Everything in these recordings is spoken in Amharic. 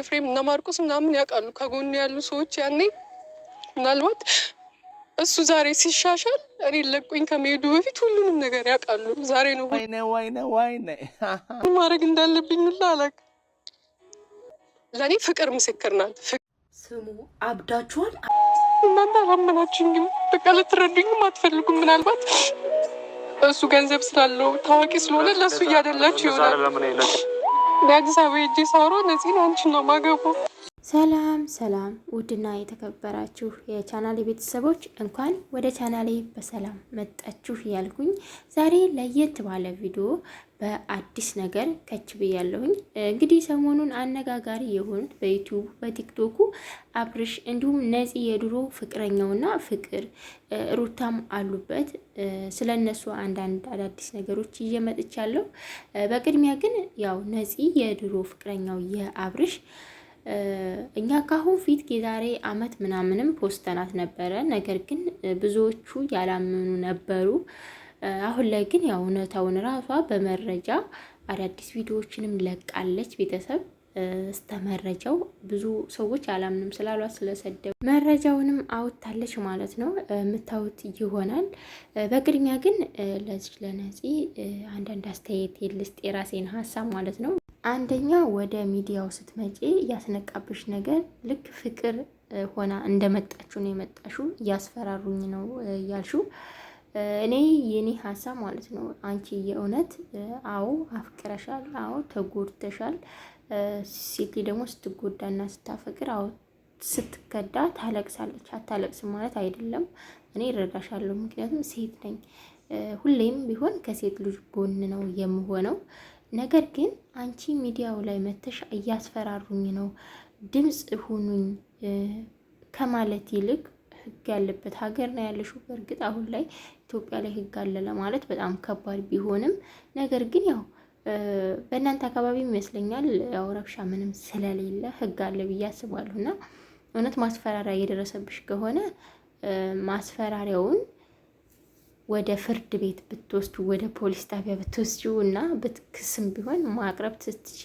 ኤፍሬም እና ማርቆስ ምናምን ያውቃሉ። ከጎን ያሉ ሰዎች ያኔ ምናልባት እሱ ዛሬ ሲሻሻል እኔ ለቁኝ ከመሄዱ በፊት ሁሉንም ነገር ያውቃሉ። ዛሬ ነው ማድረግ እንዳለብኝ ላላቅ ለእኔ ፍቅር ምስክር ናት። ስሙ አብዳችኋል። እናንተ አላመናችሁኝም። በቃ ልትረዱኝም አትፈልጉም። ምናልባት እሱ ገንዘብ ስላለው ታዋቂ ስለሆነ ለእሱ እያደላችሁ ይሆናል። ለአዲስ አበባ ሂጅ ሳወራው ነፂን አንቺን ነው የማገባው ሰላም ሰላም ውድና የተከበራችሁ የቻናሌ ቤተሰቦች እንኳን ወደ ቻናሌ በሰላም መጣችሁ እያልኩኝ ዛሬ ለየት ባለ ቪዲዮ በአዲስ ነገር ከች ብያለሁኝ። እንግዲህ ሰሞኑን አነጋጋሪ የሆኑት በዩቲዩብ በቲክቶኩ አብርሽ እንዲሁም ነፂ የድሮ ፍቅረኛውና ፍቅር ሩታም አሉበት። ስለ እነሱ አንዳንድ አዳዲስ ነገሮች እየመጥቻለሁ። በቅድሚያ ግን ያው ነፂ የድሮ ፍቅረኛው የአብርሽ እኛ ካሁን ፊት የዛሬ አመት ምናምንም ፖስተናት ነበረ። ነገር ግን ብዙዎቹ ያላመኑ ነበሩ። አሁን ላይ ግን ያው እውነታውን ራሷ በመረጃ አዳዲስ ቪዲዮዎችንም ለቃለች። ቤተሰብ እስተ መረጃው ብዙ ሰዎች አላምንም ስላሏት ስለሰደቡ መረጃውንም አውጥታለች ማለት ነው። የምታዩት ይሆናል። በቅድሚያ ግን ለዚህ ለነፂ አንዳንድ አስተያየት ልስጥ፣ የራሴን ሀሳብ ማለት ነው። አንደኛ ወደ ሚዲያው ስትመጪ ያስነቃብሽ ነገር ልክ ፍቅር ሆና እንደመጣችሁ ነው የመጣሽው። እያስፈራሩኝ ነው ያልሽው። እኔ የኔ ሀሳብ ማለት ነው አንቺ የእውነት አዎ አፍቅረሻል፣ አዎ ተጎድተሻል። ሴት ደግሞ ስትጎዳና ስታፈቅር አዎ ስትከዳ ታለቅሳለች። አታለቅስም ማለት አይደለም። እኔ እረዳሻለሁ፣ ምክንያቱም ሴት ነኝ። ሁሌም ቢሆን ከሴት ልጅ ጎን ነው የምሆነው። ነገር ግን አንቺ ሚዲያው ላይ መተሻ እያስፈራሩኝ ነው ድምፅ ሁኑኝ ከማለት ይልቅ ህግ ያለበት ሀገር ነው ያለሽው። በእርግጥ አሁን ላይ ኢትዮጵያ ላይ ህግ አለ ለማለት በጣም ከባድ ቢሆንም ነገር ግን ያው በእናንተ አካባቢ ይመስለኛል ያው ረብሻ ምንም ስለሌለ ህግ አለ ብዬ አስባለሁ። እና እውነት ማስፈራሪያ እየደረሰብሽ ከሆነ ማስፈራሪያውን ወደ ፍርድ ቤት ብትወስዱ ወደ ፖሊስ ጣቢያ ብትወስዱ እና ብትክስም ቢሆን ማቅረብ ትትች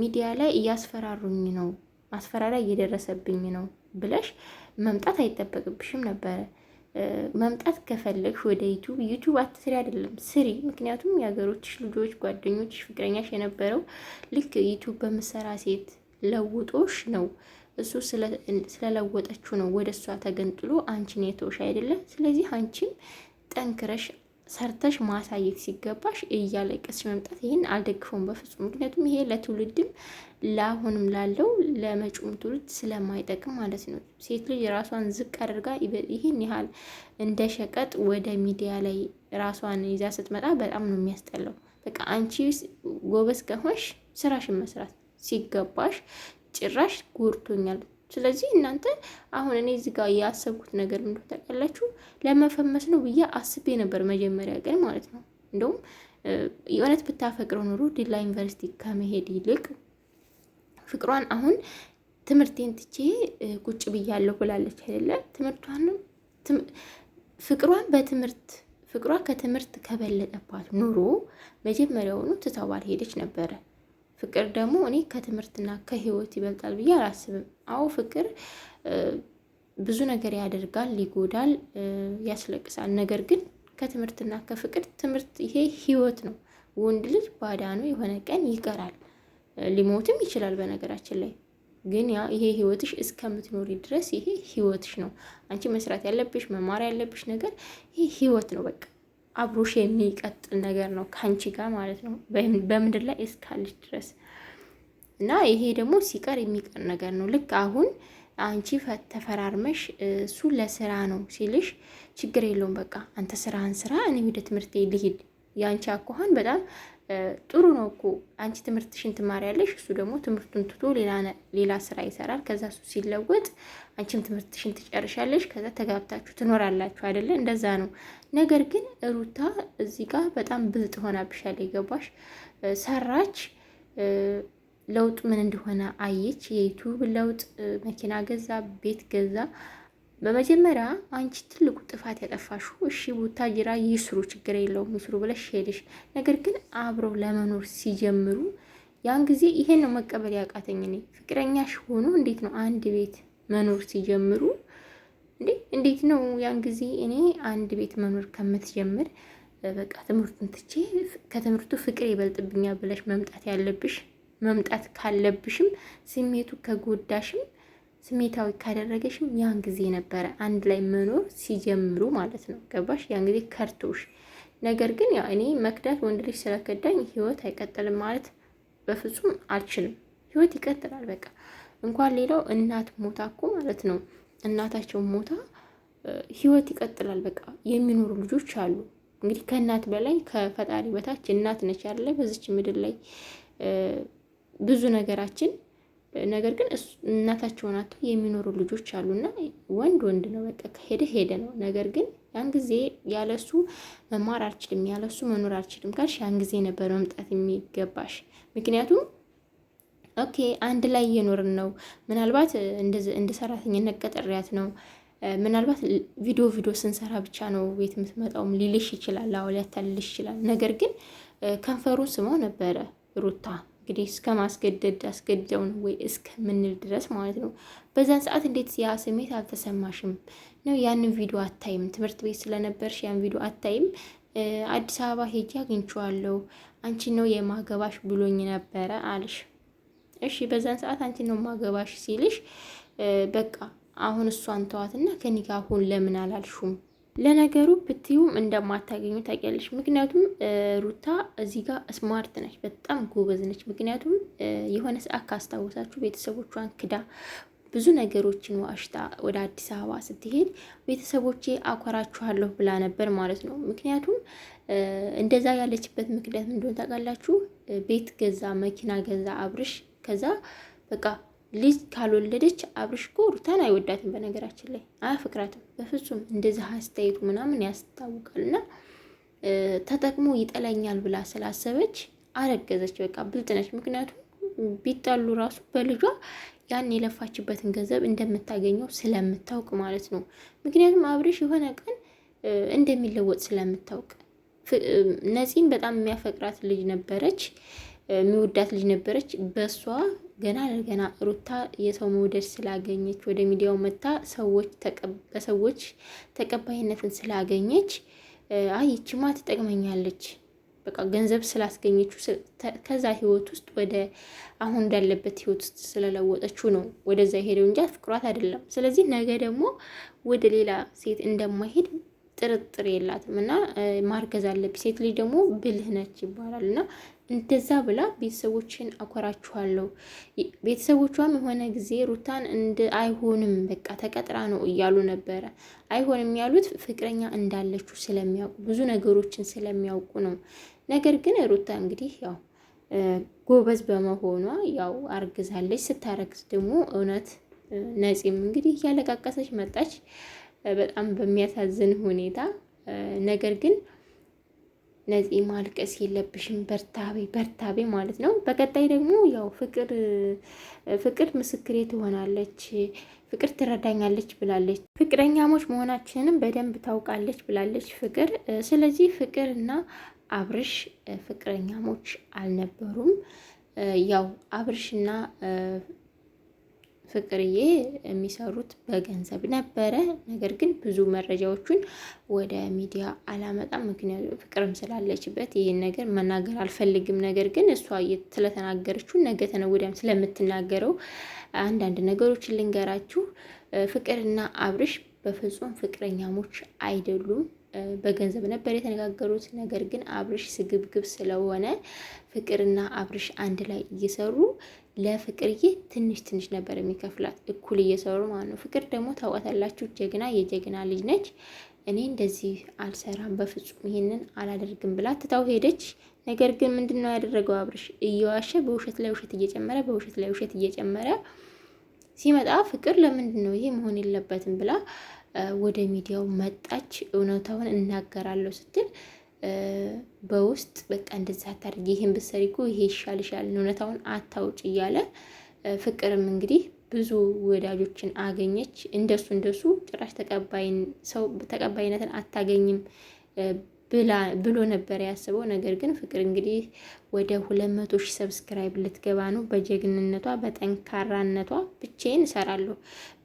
ሚዲያ ላይ እያስፈራሩኝ ነው ማስፈራሪያ እየደረሰብኝ ነው ብለሽ መምጣት አይጠበቅብሽም ነበረ። መምጣት ከፈለግሽ ወደ ዩቱብ ዩቱብ አትስሪ አይደለም ስሪ። ምክንያቱም የሀገሮችሽ ልጆች፣ ጓደኞች፣ ፍቅረኛሽ የነበረው ልክ ዩቱብ በምሰራ ሴት ለውጦሽ ነው እሱ ስለለወጠችው ነው ወደ እሷ ተገንጥሎ አንቺን የተውሽ አይደለም። ስለዚህ አንቺም ጠንክረሽ ሰርተሽ ማሳየት ሲገባሽ እያለቀስሽ መምጣት ይህን አልደግፈውም በፍጹም። ምክንያቱም ይሄ ለትውልድም ለአሁንም ላለው ለመጪውም ትውልድ ስለማይጠቅም ማለት ነው። ሴት ልጅ ራሷን ዝቅ አድርጋ ይህን ያህል እንደ ሸቀጥ ወደ ሚዲያ ላይ ራሷን ይዛ ስትመጣ በጣም ነው የሚያስጠላው። በቃ አንቺ ጎበዝ ከሆንሽ ስራሽን መስራት ሲገባሽ ጭራሽ ጎድቶኛል። ስለዚህ እናንተ አሁን እኔ እዚህ ጋር ያሰብኩት ነገር ምንድን ታውቃላችሁ? ለመፈመስ ነው ብዬ አስቤ ነበር መጀመሪያ ቀን ማለት ነው። እንደውም የእውነት ብታፈቅረው ኑሮ ዲላ ዩኒቨርሲቲ ከመሄድ ይልቅ ፍቅሯን አሁን ትምህርቴን ትቼ ቁጭ ብያለሁ ብላለች አይደለ? ትምህርቷን ፍቅሯን በትምህርት ፍቅሯ ከትምህርት ከበለጠባት ኑሮ መጀመሪያውኑ ትተዋል ሄደች ነበረ። ፍቅር ደግሞ እኔ ከትምህርትና ከህይወት ይበልጣል ብዬ አላስብም። አዎ ፍቅር ብዙ ነገር ያደርጋል፣ ይጎዳል፣ ያስለቅሳል። ነገር ግን ከትምህርትና ከፍቅር ትምህርት ይሄ ህይወት ነው። ወንድ ልጅ ባዳኑ የሆነ ቀን ይቀራል፣ ሊሞትም ይችላል። በነገራችን ላይ ግን ያ ይሄ ህይወትሽ እስከምትኖሪ ድረስ ይሄ ህይወትሽ ነው። አንቺ መስራት ያለብሽ መማር ያለብሽ ነገር ይሄ ህይወት ነው በቃ አብሮሽ የሚቀጥል ነገር ነው ከአንቺ ጋር ማለት ነው በምድር ላይ እስካለች ድረስ እና ይሄ ደግሞ ሲቀር የሚቀር ነገር ነው። ልክ አሁን አንቺ ተፈራርመሽ እሱ ለስራ ነው ሲልሽ ችግር የለውም በቃ አንተ ስራህን ስራ፣ እኔ ወደ ትምህርት ልሂድ። የአንቺ አኳኋን በጣም ጥሩ ነው እኮ አንቺ ትምህርትሽን ትማሪያለሽ፣ እሱ ደግሞ ትምህርቱን ትቶ ሌላ ስራ ይሰራል። ከዛ እሱ ሲለወጥ አንቺም ትምህርትሽን ትጨርሻለሽ። ከዛ ተጋብታችሁ ትኖራላችሁ አይደለ? እንደዛ ነው። ነገር ግን ሩታ እዚህ ጋር በጣም ብልጥ ሆናብሻል። የገባሽ ሰራች፣ ለውጥ ምን እንደሆነ አየች። የዩቱብ ለውጥ፣ መኪና ገዛ፣ ቤት ገዛ። በመጀመሪያ አንቺ ትልቁ ጥፋት ያጠፋሹ፣ እሺ ቡታጅራ ይስሩ ችግር የለውም ይስሩ ብለሽ ሄደሽ፣ ነገር ግን አብረው ለመኖር ሲጀምሩ ያን ጊዜ ይሄን ነው መቀበል ያቃተኝ እኔ። ፍቅረኛሽ ሆኖ እንዴት ነው አንድ ቤት መኖር ሲጀምሩ እንዴ እንዴት ነው ያን ጊዜ እኔ አንድ ቤት መኖር ከምትጀምር በቃ ትምህርቱን ትቼ ከትምህርቱ ፍቅር ይበልጥብኛል ብለሽ መምጣት ያለብሽ መምጣት ካለብሽም ስሜቱ ከጎዳሽም ስሜታዊ ካደረገሽም ያን ጊዜ ነበረ አንድ ላይ መኖር ሲጀምሩ ማለት ነው። ገባሽ? ያን ጊዜ ከርቶሽ። ነገር ግን ያው እኔ መክዳት ወንድ ልጅ ስለከዳኝ ህይወት አይቀጥልም ማለት በፍጹም አልችልም። ህይወት ይቀጥላል። በቃ እንኳን ሌላው እናት ሞታ እኮ ማለት ነው እናታቸው ሞታ ህይወት ይቀጥላል። በቃ የሚኖሩ ልጆች አሉ። እንግዲህ ከእናት በላይ ከፈጣሪ በታች እናት ነች ያለ በዚች ምድር ላይ ብዙ ነገራችን ነገር ግን እናታቸውን አጥተው የሚኖሩ ልጆች አሉና ወንድ ወንድ ነው፣ በቃ ከሄደ ሄደ ነው። ነገር ግን ያን ጊዜ ያለሱ መማር አልችልም፣ ያለሱ መኖር አልችልም ካልሽ ያን ጊዜ ነበር መምጣት የሚገባሽ። ምክንያቱም ኦኬ አንድ ላይ እየኖርን ነው፣ ምናልባት እንደ ሰራተኝነት ቀጠሪያት ነው ምናልባት ቪዲዮ ቪዲዮ ስንሰራ ብቻ ነው ቤት የምትመጣውም ሊልሽ ይችላል፣ አዎ ሊያታልልሽ ይችላል። ነገር ግን ከንፈሩን ስመው ነበረ ሩታ እንግዲህ እስከ ማስገደድ አስገድደው ነው ወይ እስከምንል ድረስ ማለት ነው። በዛን ሰዓት እንዴት ያ ስሜት አልተሰማሽም ነው? ያንን ቪዲዮ አታይም? ትምህርት ቤት ስለነበርሽ ያን ቪዲዮ አታይም? አዲስ አበባ ሄጄ አግኝቼዋለሁ አንቺ ነው የማገባሽ ብሎኝ ነበረ አልሽ። እሺ በዛን ሰዓት አንቺ ነው ማገባሽ ሲልሽ በቃ አሁን እሷን ተዋትና ከኒጋ አሁን ለምን አላልሹም ለነገሩ ብትዩም እንደማታገኙ ታውቂያለሽ። ምክንያቱም ሩታ እዚህ ጋር ስማርት ነች፣ በጣም ጎበዝ ነች። ምክንያቱም የሆነ ሰዓት ካስታወሳችሁ ቤተሰቦቿን ክዳ ብዙ ነገሮችን ዋሽታ ወደ አዲስ አበባ ስትሄድ ቤተሰቦቼ አኮራችኋለሁ ብላ ነበር ማለት ነው። ምክንያቱም እንደዛ ያለችበት ምክንያት እንደሆነ ታውቃላችሁ። ቤት ገዛ፣ መኪና ገዛ አብርሽ ከዛ በቃ ልጅ ካልወለደች አብርሽ እኮ ሩታን አይወዳትም። በነገራችን ላይ አያፈቅራትም በፍጹም። እንደዚህ አስተያየቱ ምናምን ያስታውቃል። እና ተጠቅሞ ይጠላኛል ብላ ስላሰበች አረገዘች። በቃ ብልጥ ነች። ምክንያቱም ቢጣሉ ራሱ በልጇ ያን የለፋችበትን ገንዘብ እንደምታገኘው ስለምታውቅ ማለት ነው። ምክንያቱም አብርሽ የሆነ ቀን እንደሚለወጥ ስለምታውቅ ነፂን በጣም የሚያፈቅራት ልጅ ነበረች፣ የሚወዳት ልጅ ነበረች። በእሷ ገና ለገና ሩታ የሰው መውደድ ስላገኘች ወደ ሚዲያው መታ ሰዎች በሰዎች ተቀባይነትን ስላገኘች አይ ይችማ ትጠቅመኛለች በቃ ገንዘብ ስላስገኘችው ከዛ ህይወት ውስጥ ወደ አሁን እንዳለበት ህይወት ውስጥ ስለለወጠችው ነው ወደዛ ሄደው እንጂ አፍቅሯት አይደለም። ስለዚህ ነገ ደግሞ ወደ ሌላ ሴት እንደማይሄድ ጥርጥር የላትም እና ማርገዝ አለብኝ። ሴት ልጅ ደግሞ ብልህ ነች ይባላል እና እንደዛ ብላ ቤተሰቦችን አኮራችኋለሁ። ቤተሰቦቿም የሆነ ጊዜ ሩታን እንደ አይሆንም በቃ ተቀጥራ ነው እያሉ ነበረ። አይሆንም ያሉት ፍቅረኛ እንዳለችው ስለሚያውቁ ብዙ ነገሮችን ስለሚያውቁ ነው። ነገር ግን ሩታ እንግዲህ ያው ጎበዝ በመሆኗ ያው አርግዛለች። ስታረግዝ ደግሞ እውነት ነፂም እንግዲህ እያለቃቀሰች መጣች በጣም በሚያሳዝን ሁኔታ ነገር ግን ለዚህ ማልቀስ የለብሽም በርታቤ በርታቤ ማለት ነው። በቀጣይ ደግሞ ያው ፍቅር ፍቅር ምስክሬ ትሆናለች፣ ፍቅር ትረዳኛለች ብላለች። ፍቅረኛሞች መሆናችንንም በደንብ ታውቃለች ብላለች ፍቅር። ስለዚህ ፍቅር እና አብርሽ ፍቅረኛሞች አልነበሩም። ያው አብርሽና ፍቅርዬ የሚሰሩት በገንዘብ ነበረ። ነገር ግን ብዙ መረጃዎቹን ወደ ሚዲያ አላመጣም፣ ምክንያቱም ፍቅርም ስላለችበት ይህን ነገር መናገር አልፈልግም። ነገር ግን እሷ ስለተናገረችው ነገ ተነገወዲያም ስለምትናገረው አንዳንድ ነገሮችን ልንገራችሁ። ፍቅርና አብርሽ በፍጹም ፍቅረኛሞች አይደሉም። በገንዘብ ነበር የተነጋገሩት። ነገር ግን አብርሽ ስግብግብ ስለሆነ ፍቅርና አብርሽ አንድ ላይ እየሰሩ ለፍቅርዬ ትንሽ ትንሽ ነበር የሚከፍላት እኩል እየሰሩ ማለት ነው። ፍቅር ደግሞ ታውቃታላችሁ፣ ጀግና የጀግና ልጅ ነች። እኔ እንደዚህ አልሰራም፣ በፍጹም ይሄንን አላደርግም ብላ ትታው ሄደች። ነገር ግን ምንድን ነው ያደረገው አብርሽ እየዋሸ በውሸት ላይ ውሸት እየጨመረ በውሸት ላይ ውሸት እየጨመረ ሲመጣ ፍቅር ለምንድን ነው ይሄ መሆን የለበትም ብላ ወደ ሚዲያው መጣች። እውነታውን እናገራለሁ ስትል በውስጥ በቃ እንደዛ አታድርጊ፣ ይህን ብትሰሪ እኮ ይሄ ይሻልሻል፣ እውነታውን አታውጭ እያለ ፍቅርም እንግዲህ ብዙ ወዳጆችን አገኘች። እንደሱ እንደሱ ጭራሽ ተቀባይነትን አታገኝም ብሎ ነበር ያስበው። ነገር ግን ፍቅር እንግዲህ ወደ ሁለት መቶ ሺህ ሰብስክራይብ ልትገባ ነው። በጀግንነቷ በጠንካራነቷ ብቻዬን እሰራለሁ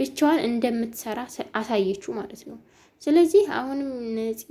ብቻዋን እንደምትሰራ አሳየችው ማለት ነው። ስለዚህ አሁንም ነፂ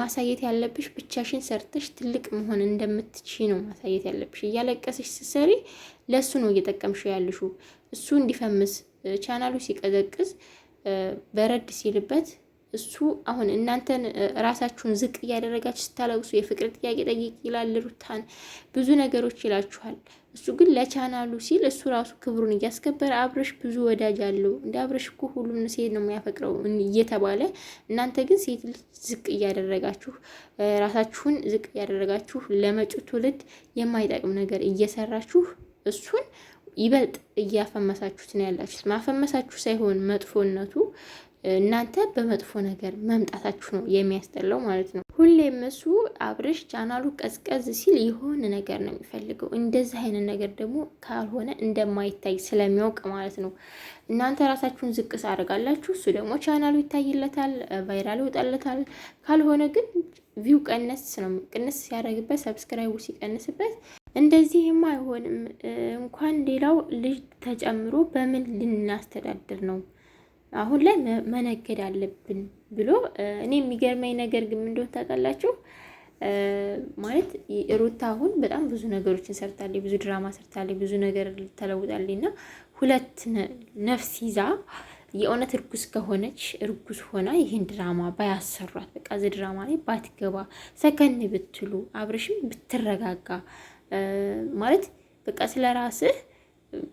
ማሳየት ያለብሽ ብቻሽን ሰርተሽ ትልቅ መሆን እንደምትችይ ነው ማሳየት ያለብሽ። እያለቀስሽ ስትሰሪ ለእሱ ነው እየጠቀምሽ ያልሹ። እሱ እንዲፈምስ ቻናሉ ሲቀዘቅዝ በረድ ሲልበት እሱ አሁን እናንተን ራሳችሁን ዝቅ እያደረጋችሁ ስታለቅሱ የፍቅር ጥያቄ ጠይቅ ይላል፣ ሩታን ብዙ ነገሮች ይላችኋል። እሱ ግን ለቻናሉ ሲል እሱ ራሱ ክብሩን እያስከበረ አብረሽ ብዙ ወዳጅ አለው እንደ አብረሽ እኮ ሁሉም ሴት ነው የሚያፈቅረው እየተባለ እናንተ ግን ሴት ልጅ ዝቅ እያደረጋችሁ ራሳችሁን ዝቅ እያደረጋችሁ ለመጪው ትውልድ የማይጠቅም ነገር እየሰራችሁ እሱን ይበልጥ እያፈመሳችሁት ነው ያላችሁት። ማፈመሳችሁ ሳይሆን መጥፎነቱ እናንተ በመጥፎ ነገር መምጣታችሁ ነው የሚያስጠላው ማለት ነው። ሁሌም እሱ አብርሽ ቻናሉ ቀዝቀዝ ሲል የሆነ ነገር ነው የሚፈልገው። እንደዚህ አይነት ነገር ደግሞ ካልሆነ እንደማይታይ ስለሚያውቅ ማለት ነው። እናንተ ራሳችሁን ዝቅ ሳደርጋላችሁ፣ እሱ ደግሞ ቻናሉ ይታይለታል፣ ቫይራል ይወጣለታል። ካልሆነ ግን ቪው ቀነስ ነው ቅንስ ሲያደርግበት፣ ሰብስክራይቡ ሲቀንስበት እንደዚህማ አይሆንም። እንኳን ሌላው ልጅ ተጨምሮ በምን ልናስተዳድር ነው? አሁን ላይ መነገድ አለብን ብሎ እኔ የሚገርመኝ ነገር ግን እንደሆን ታውቃላችሁ ማለት ሩታ አሁን በጣም ብዙ ነገሮችን ሰርታለች፣ ብዙ ድራማ ሰርታለ፣ ብዙ ነገር ተለውጣለ። እና ሁለት ነፍስ ይዛ የእውነት እርጉስ ከሆነች እርጉስ ሆና ይህን ድራማ ባያሰሯት፣ በቃ እዚህ ድራማ ላይ ባትገባ፣ ሰከን ብትሉ፣ አብረሽም ብትረጋጋ ማለት በቃ ስለ ራስህ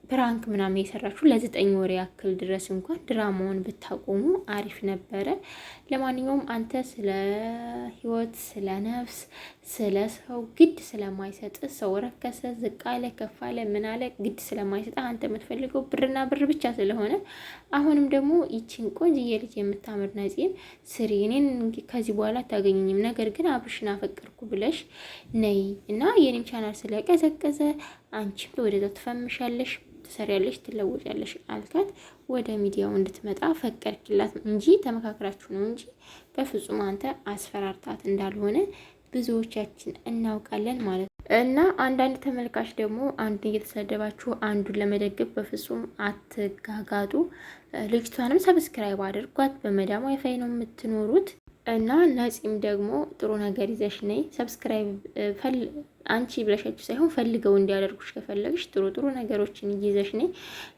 ፕራንክ ምናምን የሰራችሁ ለዘጠኝ ወር ያክል ድረስ እንኳን ድራማውን ብታቆሙ አሪፍ ነበረ። ለማንኛውም አንተ ስለ ህይወት፣ ስለ ነፍስ ስለ ሰው ግድ ስለማይሰጥ ሰው ረከሰ፣ ዝቅ አለ፣ ከፍ አለ፣ ምን አለ ግድ ስለማይሰጥ አንተ የምትፈልገው ብርና ብር ብቻ ስለሆነ አሁንም ደግሞ ይችን ቆንጅዬ ልጅ የምታምር ነፂን ስሪ እኔን ከዚህ በኋላ አታገኘኝም። ነገር ግን አብርሽን አፈቅር ብለሽ ነይ እና የኔም ቻናል ስለቀዘቀዘ አንቺም ወደዛ ትፈምሻለሽ፣ ትሰሪያለሽ፣ ትለወጫለሽ አልካት። ወደ ሚዲያው እንድትመጣ ፈቀድክላት እንጂ ተመካክራችሁ ነው እንጂ በፍጹም አንተ አስፈራርታት እንዳልሆነ ብዙዎቻችን እናውቃለን ማለት ነው። እና አንዳንድ ተመልካች ደግሞ አንዱን እየተሰደባችሁ አንዱን ለመደገፍ በፍጹም አትጋጋጡ። ልጅቷንም ሰብስክራይብ አድርጓት። በመዳም ዋይፋይ ነው የምትኖሩት። እና ነፂም ደግሞ ጥሩ ነገር ይዘሽ ነይ። ሰብስክራይብ አንቺ ብለሻችሁ ሳይሆን ፈልገው እንዲያደርጉሽ ከፈለግሽ ጥሩ ጥሩ ነገሮችን ይዘሽ ነይ።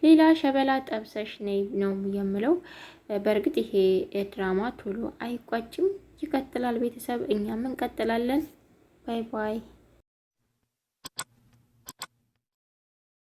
ሌላ ሸበላ ጠብሰሽ ነይ ነው የምለው። በእርግጥ ይሄ ድራማ ቶሎ አይቋጭም፣ ይቀጥላል። ቤተሰብ እኛም እንቀጥላለን። ባይ ባይ።